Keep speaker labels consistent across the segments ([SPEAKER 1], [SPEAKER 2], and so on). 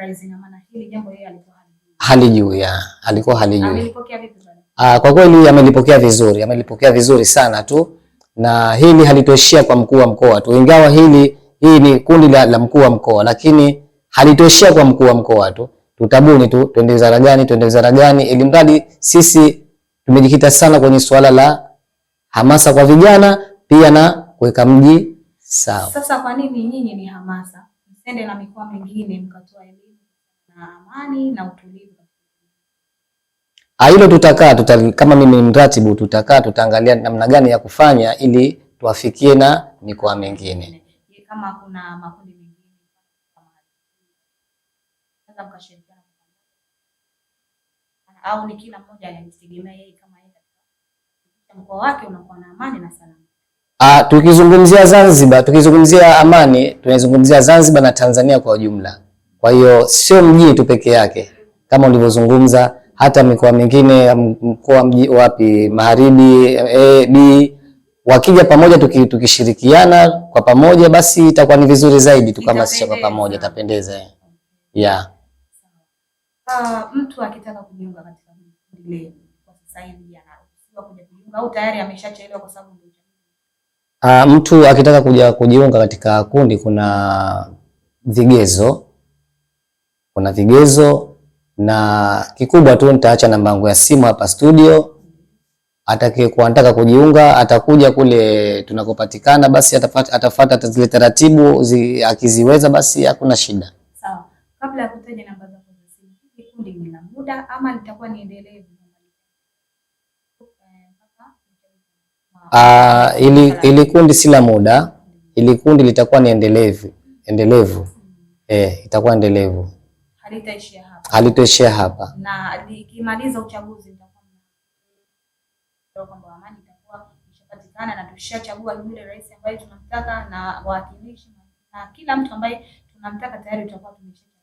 [SPEAKER 1] surprising maana hili jambo yeye alikuwa halijui, alikuwa halijui. Ah, kwa kweli amelipokea vizuri, amelipokea vizuri sana tu, na hili halitoshea kwa mkuu wa mkoa tu, ingawa hili hii ni kundi la, la mkuu wa mkoa, lakini halitoshea kwa mkuu wa mkoa tu. Tutabuni tu twende wizara gani, twende wizara gani, ili mradi sisi tumejikita sana kwenye suala la hamasa kwa vijana pia na kuweka mji sawa.
[SPEAKER 2] Sasa kwa nini nyinyi ni hamasa, msende na mikoa mingine mkatoa elimu na amani na utulivu.
[SPEAKER 1] Ah, hilo tutakaa tuta, kama mimi mratibu, tutakaa tutaangalia namna gani ya kufanya ili tuafikie na mikoa mingine.
[SPEAKER 2] Kama kuna makundi mengine sasa, mkashirikiana au ni kila mmoja anajitegemea yeye kama yeye katika mkoa wake unakuwa na amani na salama.
[SPEAKER 1] Ah, tukizungumzia Zanzibar, tukizungumzia amani, tunazungumzia Zanzibar na Tanzania kwa ujumla. Kwa hiyo sio Mjini tu peke yake, kama ulivyozungumza, hata mikoa mingine, mkoa mji wapi, magharibi A, B, wakija pamoja, tukishirikiana kwa pamoja, basi itakuwa ni vizuri zaidi, tukahamasisha kwa pamoja, itapendeza ya yeah.
[SPEAKER 2] Ah, mtu akitaka kujiunga katika kwa sasa hivi anaruhusiwa kuja kujiunga au tayari ameshachelewa kwa sababu
[SPEAKER 1] Uh, mtu akitaka kuja kujiunga katika kundi kuna vigezo kuna vigezo na kikubwa tu nitaacha namba yangu ya simu hapa studio. Atakayekuwa anataka kujiunga atakuja kule tunakopatikana, basi atafuata zile taratibu zi, akiziweza basi hakuna shida.
[SPEAKER 2] Sawa. Kabla ya kutaja namba za simu, kikundi ni la muda ama nitakuwa niendelee?
[SPEAKER 1] Ah, ili ili kundi si la muda, ili kundi litakuwa ni endelevu endelevu, eh, itakuwa endelevu
[SPEAKER 2] halitaishia hapa,
[SPEAKER 1] halitaishia hapa.
[SPEAKER 2] Na likimaliza uchaguzi kwamba amani itakuwa imeshapatikana na tushachagua yule rais ambaye tunamtaka na wawakilishi na kila mtu ambaye tunamtaka tayari tutakuwa tumeshachagua.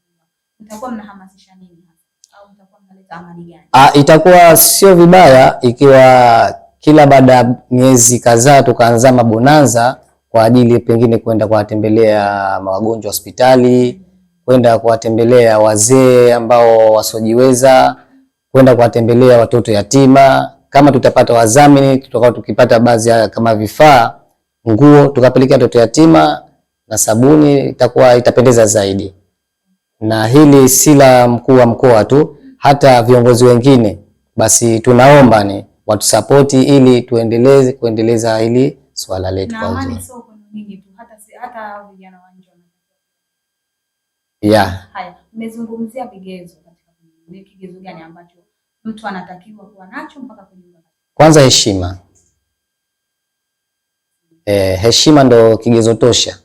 [SPEAKER 2] Mtakuwa mnahamasisha nini hasa au mtakuwa mnaleta amani gani?
[SPEAKER 1] Ah, itakuwa sio vibaya ikiwa kila baada ya miezi kadhaa tukaanza mabonanza kwa ajili pengine kwenda kuwatembelea wagonjwa hospitali mm -hmm kwenda kuwatembelea wazee ambao wasiojiweza, kwenda kuwatembelea watoto yatima. Kama tutapata wadhamini, tutakuwa tukipata baadhi ya kama vifaa, nguo, tukapelekea watoto yatima na sabuni, itakuwa itapendeza zaidi. Na hili si la mkuu wa mkoa tu, hata viongozi wengine, basi tunaomba ni watusapoti ili tuendeleze kuendeleza hili swala letu kwa Yeah.
[SPEAKER 2] Haya, mmezungumzia vigezo katika ni kigezo gani ambacho mtu anatakiwa kuwa nacho mpaka kujiunga?
[SPEAKER 1] Kwanza heshima. Eh, heshima ndo kigezo tosha,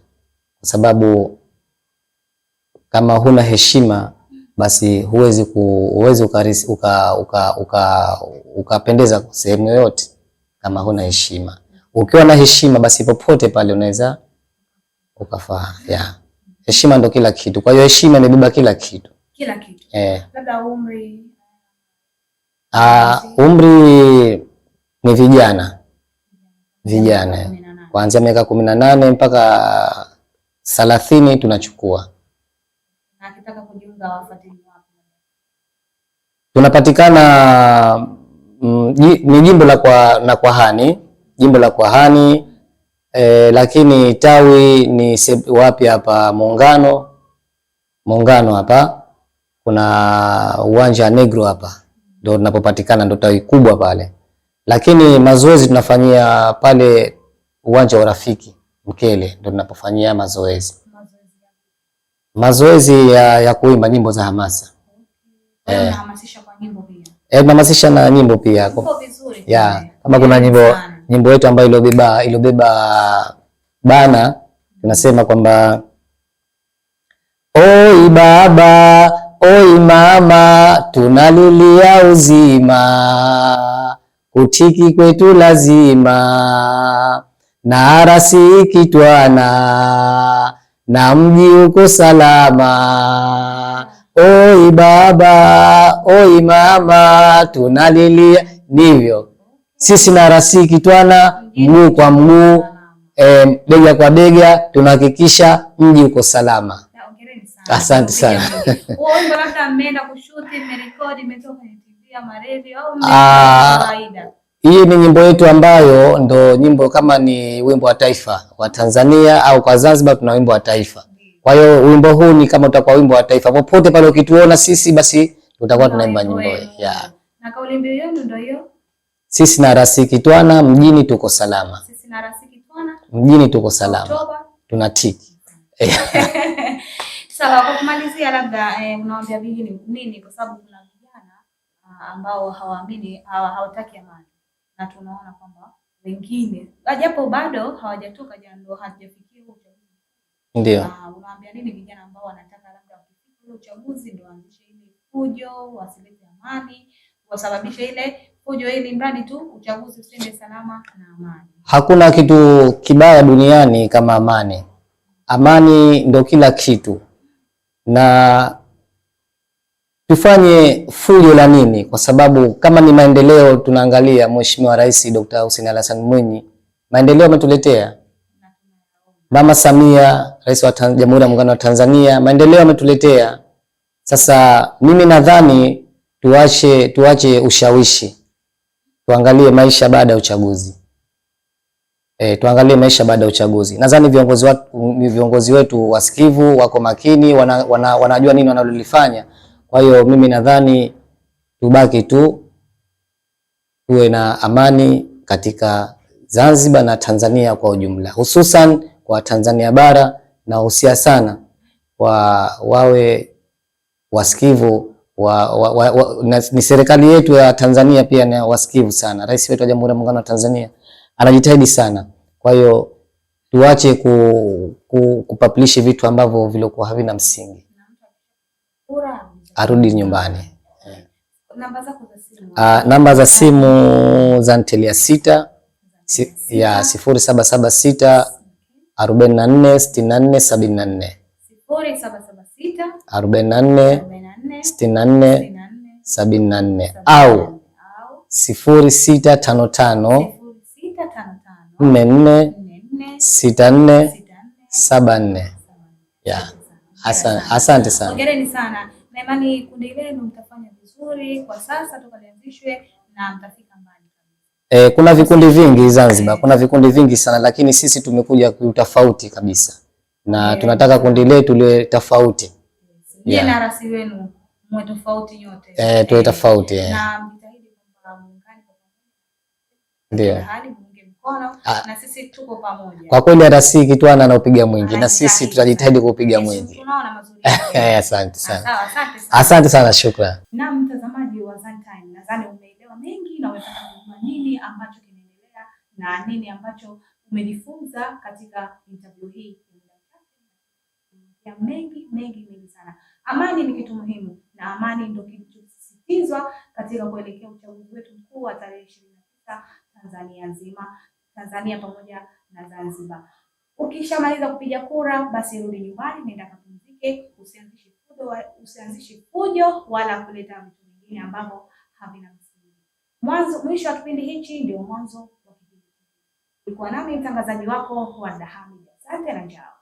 [SPEAKER 1] kwa sababu kama huna heshima basi huwezi ku, huwezi ukarisi, uka, uka, uka, uka sehemu yoyote kama huna heshima. Ukiwa na heshima, basi popote pale unaweza ukafaa. Yeah heshima ndo kila kitu. Kwa hiyo heshima imebeba kila kitu, kila kitu. Eh.
[SPEAKER 2] Labda umri.
[SPEAKER 1] Ah, umri ni vijana vijana kuanzia miaka kumi na nane mpaka thalathini tunachukua tunapatikana, mm, ni jimbo la kwa, na Kwahani jimbo la Kwahani e, lakini tawi ni wapi hapa? Muungano, Muungano hapa kuna uwanja wa Negro hapa ndo tunapopatikana, ndo tawi kubwa pale, lakini mazoezi tunafanyia pale uwanja wa Urafiki Mkele, ndo tunapofanyia mazoezi mazoezi ya, ya kuimba nyimbo za hamasa
[SPEAKER 2] okay. Eh, nahamasisha eh, na nyimbo pia,
[SPEAKER 1] eh, na nyimbo pia. Vizuri, Kama kuna nyimbo nyimbo yetu ambayo iliobeba ilobeba bana, tunasema kwamba oi baba oi mama, tunalilia uzima, kutiki kwetu lazima, na arasi ikitwana, na mji uko salama. Oi baba oi mama, tunalilia nivyo sisi na rasi Kitwana, mguu kwa mguu, e, bega kwa bega, tunahakikisha mji uko salama. Asante sana.
[SPEAKER 2] Ah,
[SPEAKER 1] hii ni nyimbo yetu ambayo ndo nyimbo kama ni wimbo wa taifa wa Tanzania au kwa Zanzibar tuna wimbo wa taifa. Kwa hiyo wimbo huu ni kama utakuwa wimbo wa taifa. Popote pale ukituona sisi, basi tutakuwa tunaimba nyimbo. Yeah.
[SPEAKER 2] Na kauli mbiu yenu ndio hiyo.
[SPEAKER 1] Sisi na rasi Kitwana mjini tuko salama.
[SPEAKER 2] Sisi na rasi Kitwana mjini tuko salama,
[SPEAKER 1] tunatiki
[SPEAKER 2] Sawa, kwa kumalizia, labda eh, unawaambia vijana nini, kwa sababu kuna vijana ah, ambao hawaamini, hawataki amani, na tunaona kwamba wengine japo bado hawajatoka jando, ndio hajafikia huo uchaguzi. Ndio ah, unawaambia nini vijana ambao wanataka labda wakifikia huo uchaguzi ndio waanzishe ile fujo, wasilete amani, wasababishe ile Fujo hii mradi tu uchaguzi usende salama na amani.
[SPEAKER 1] Hakuna kitu kibaya duniani kama amani. Amani ndio kila kitu, na tufanye fujo la nini? Kwa sababu kama ni maendeleo tunaangalia, Mheshimiwa Rais Dr. Hussein alhassan Mwinyi, maendeleo ametuletea Mama Samia, rais wa Jamhuri ya Muungano wa Tanzania, maendeleo ametuletea. Sasa mimi nadhani tuache tuache ushawishi tuangalie maisha baada ya uchaguzi. E, tuangalie maisha baada ya uchaguzi. Nadhani viongozi watu, viongozi wetu wasikivu wako makini, wana, wana, wanajua nini wanalolifanya. Kwa hiyo mimi nadhani tubaki tu tuwe na amani katika Zanzibar na Tanzania kwa ujumla, hususan kwa Tanzania bara na usia sana kwa wawe wasikivu wa, wa, wa, wa, na, ni serikali yetu ya Tanzania pia na wasikivu sana. Rais wetu wa Jamhuri ya Muungano wa Tanzania anajitahidi sana, kwa hiyo tuache ku, ku, kupablishi vitu ambavyo vilikuwa havina msingi. Arudi nyumbani. Uh, namba za simu za Ntelia sita si, ya sifuri saba saba sita arobaini na nne sitini na nne sabini na nne arobaini na nne sitini na nne sabini na nne au sifuri sita tano tano nne nne sita nne saba nne. Asante sana.
[SPEAKER 2] Hongereni sana. na Naimani kundi lenu mtafanya vizuri kwa sasa toka lianzishwe na mtafika mbali.
[SPEAKER 1] E, kuna vikundi vingi Zanzibar, kuna vikundi vingi sana lakini sisi tumekuja kiutofauti kabisa na yeah. tunataka kundi letu liwe tofauti.
[SPEAKER 2] yeah. Yeah mwe tofauti nyote.
[SPEAKER 1] Eh, tuwe eh, tofauti eh. Na mjitahidi kwamba muungane ndio.
[SPEAKER 2] Ah, na sisi tuko pamoja.
[SPEAKER 1] Kwa kweli hata si kitwana anaopiga mwingi na sisi tutajitahidi kupiga mwingi.
[SPEAKER 2] Tunaona mazuri.
[SPEAKER 1] Eh, ah, asante sana. Asante sana, shukrani.
[SPEAKER 2] Na mtazamaji wa Zantime, nadhani umeelewa mengi na nini ambacho kinaendelea na nini ambacho umejifunza katika interview hii. Ya mengi mengi mengi sana. Amani ni kitu muhimu na amani ndio kilichosisitizwa katika kuelekea uchaguzi wetu mkuu wa tarehe ishirini na tisa Tanzania nzima, Tanzania pamoja na Zanzibar. Ukishamaliza kupiga kura, basi rudi nyumbani, nenda kapumzike, usianzishe fujo, usianzishe fujo wala kuleta vitu vingine ambavyo havina msingi. Mwanzo mwisho wa kipindi hichi ndio mwanzo wa kipindi. Ulikuwa nami mtangazaji wako wa Hamid. Asante na njao.